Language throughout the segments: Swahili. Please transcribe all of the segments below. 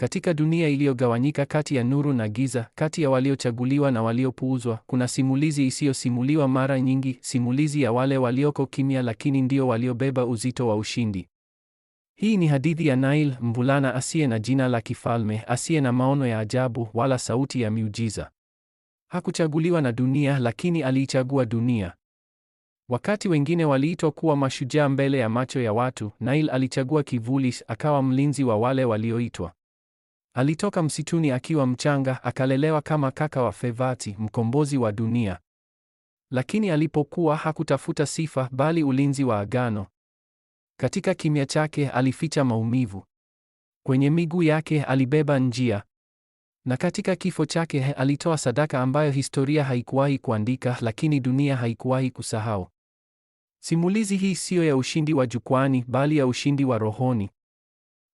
Katika dunia iliyogawanyika kati ya nuru na giza, kati ya waliochaguliwa na waliopuuzwa, kuna simulizi isiyosimuliwa mara nyingi, simulizi ya wale walioko kimya lakini ndio waliobeba uzito wa ushindi. Hii ni hadithi ya Nail, mvulana asiye na jina la kifalme, asiye na maono ya ajabu wala sauti ya miujiza. Hakuchaguliwa na dunia, lakini aliichagua dunia. Wakati wengine waliitwa kuwa mashujaa mbele ya macho ya watu, Nail alichagua kivuli, akawa mlinzi wa wale walioitwa. Alitoka msituni akiwa mchanga, akalelewa kama kaka wa Fevati, mkombozi wa dunia. Lakini alipokuwa hakutafuta sifa bali ulinzi wa agano. Katika kimya chake alificha maumivu. Kwenye miguu yake alibeba njia. Na katika kifo chake alitoa sadaka ambayo historia haikuwahi kuandika, lakini dunia haikuwahi kusahau. Simulizi hii siyo ya ushindi wa jukwani, bali ya ushindi wa rohoni.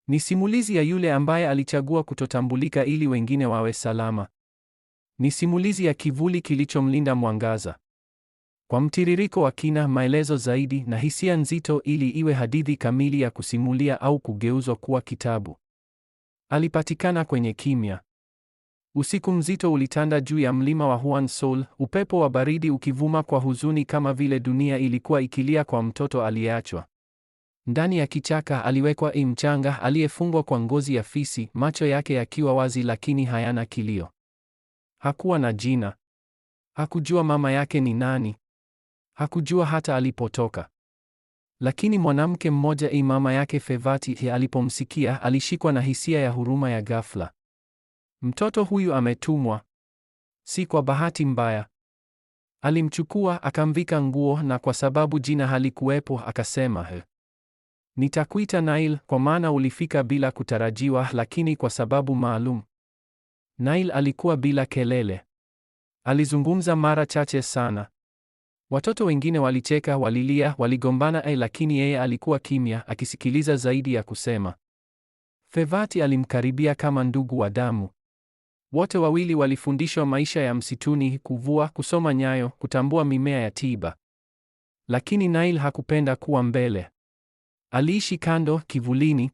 Ni simulizi ya yule ambaye alichagua kutotambulika ili wengine wawe salama. Ni simulizi ya kivuli kilichomlinda mwangaza. Kwa mtiririko wa kina, maelezo zaidi na hisia nzito ili iwe hadithi kamili ya kusimulia au kugeuzwa kuwa kitabu. Alipatikana kwenye kimya. Usiku mzito ulitanda juu ya mlima wa Huan Sol, upepo wa baridi ukivuma kwa huzuni kama vile dunia ilikuwa ikilia kwa mtoto aliyeachwa. Ndani ya kichaka aliwekwa i mchanga aliyefungwa kwa ngozi ya fisi, macho yake yakiwa wazi lakini hayana kilio. Hakuwa na jina. Hakujua mama yake ni nani. Hakujua hata alipotoka. Lakini mwanamke mmoja, i mama yake Fevati, alipomsikia alishikwa na hisia ya huruma ya ghafla. Mtoto huyu ametumwa, si kwa bahati mbaya. Alimchukua akamvika nguo, na kwa sababu jina halikuwepo akasema Nitakuita Nail kwa maana ulifika bila kutarajiwa lakini kwa sababu maalum. Nail alikuwa bila kelele. Alizungumza mara chache sana. Watoto wengine walicheka, walilia, waligombana ai, eh, lakini yeye alikuwa kimya akisikiliza zaidi ya kusema. Fevati alimkaribia kama ndugu wa damu. Wote wawili walifundishwa maisha ya msituni, kuvua, kusoma nyayo, kutambua mimea ya tiba. Lakini Nail hakupenda kuwa mbele. Aliishi kando kivulini.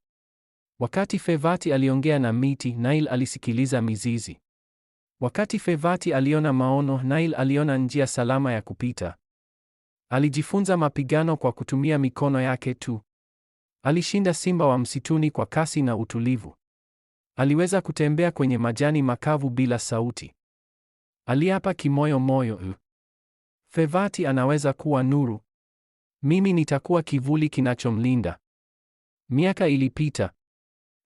Wakati Fevati aliongea na miti, Nail alisikiliza mizizi. Wakati Fevati aliona maono, Nail aliona njia salama ya kupita. Alijifunza mapigano kwa kutumia mikono yake tu. Alishinda simba wa msituni kwa kasi na utulivu. Aliweza kutembea kwenye majani makavu bila sauti. Aliapa kimoyo moyo, uh, Fevati anaweza kuwa nuru. Mimi nitakuwa kivuli kinachomlinda. Miaka ilipita.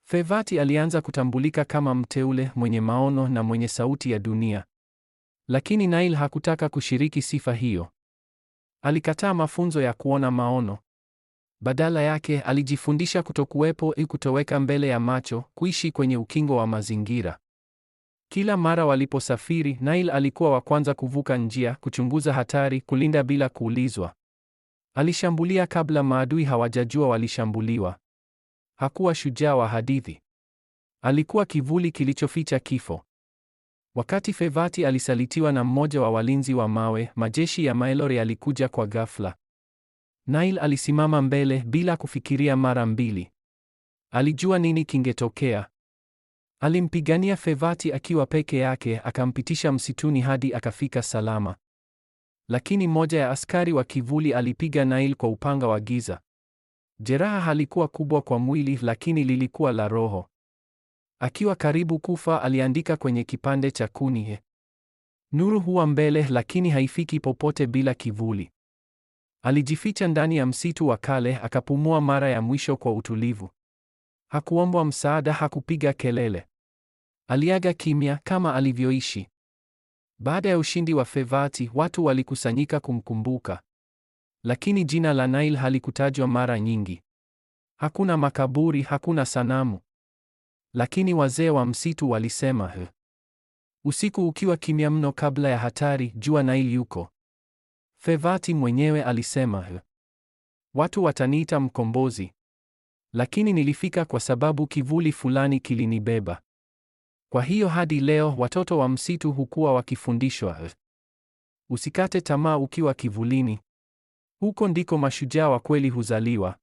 Fevati alianza kutambulika kama mteule mwenye maono na mwenye sauti ya dunia. Lakini Nail hakutaka kushiriki sifa hiyo. Alikataa mafunzo ya kuona maono. Badala yake alijifundisha kutokuwepo ili kutoweka mbele ya macho, kuishi kwenye ukingo wa mazingira. Kila mara waliposafiri, Nail alikuwa wa kwanza kuvuka njia, kuchunguza hatari, kulinda bila kuulizwa. Alishambulia kabla maadui hawajajua walishambuliwa. Hakuwa shujaa wa hadithi. Alikuwa kivuli kilichoficha kifo. Wakati Fevati alisalitiwa na mmoja wa walinzi wa mawe, majeshi ya Maelor yalikuja kwa ghafla. Nail alisimama mbele bila kufikiria mara mbili. Alijua nini kingetokea. Alimpigania Fevati akiwa peke yake, akampitisha msituni hadi akafika salama. Lakini mmoja ya askari wa kivuli alipiga Nail kwa upanga wa giza. Jeraha halikuwa kubwa kwa mwili, lakini lilikuwa la roho. Akiwa karibu kufa, aliandika kwenye kipande cha kuni, nuru huwa mbele, lakini haifiki popote bila kivuli. Alijificha ndani ya msitu wa kale, akapumua mara ya mwisho kwa utulivu. Hakuombwa msaada, hakupiga kelele. Aliaga kimya kama alivyoishi. Baada ya ushindi wa Fevati, watu walikusanyika kumkumbuka, lakini jina la Nile halikutajwa mara nyingi. Hakuna makaburi, hakuna sanamu, lakini wazee wa msitu walisema he. Usiku ukiwa kimya mno, kabla ya hatari, jua Nile yuko. Fevati mwenyewe alisema he. Watu wataniita mkombozi, lakini nilifika kwa sababu kivuli fulani kilinibeba. Kwa hiyo hadi leo watoto wa msitu hukuwa wakifundishwa eh, usikate tamaa ukiwa kivulini. Huko ndiko mashujaa wa kweli huzaliwa.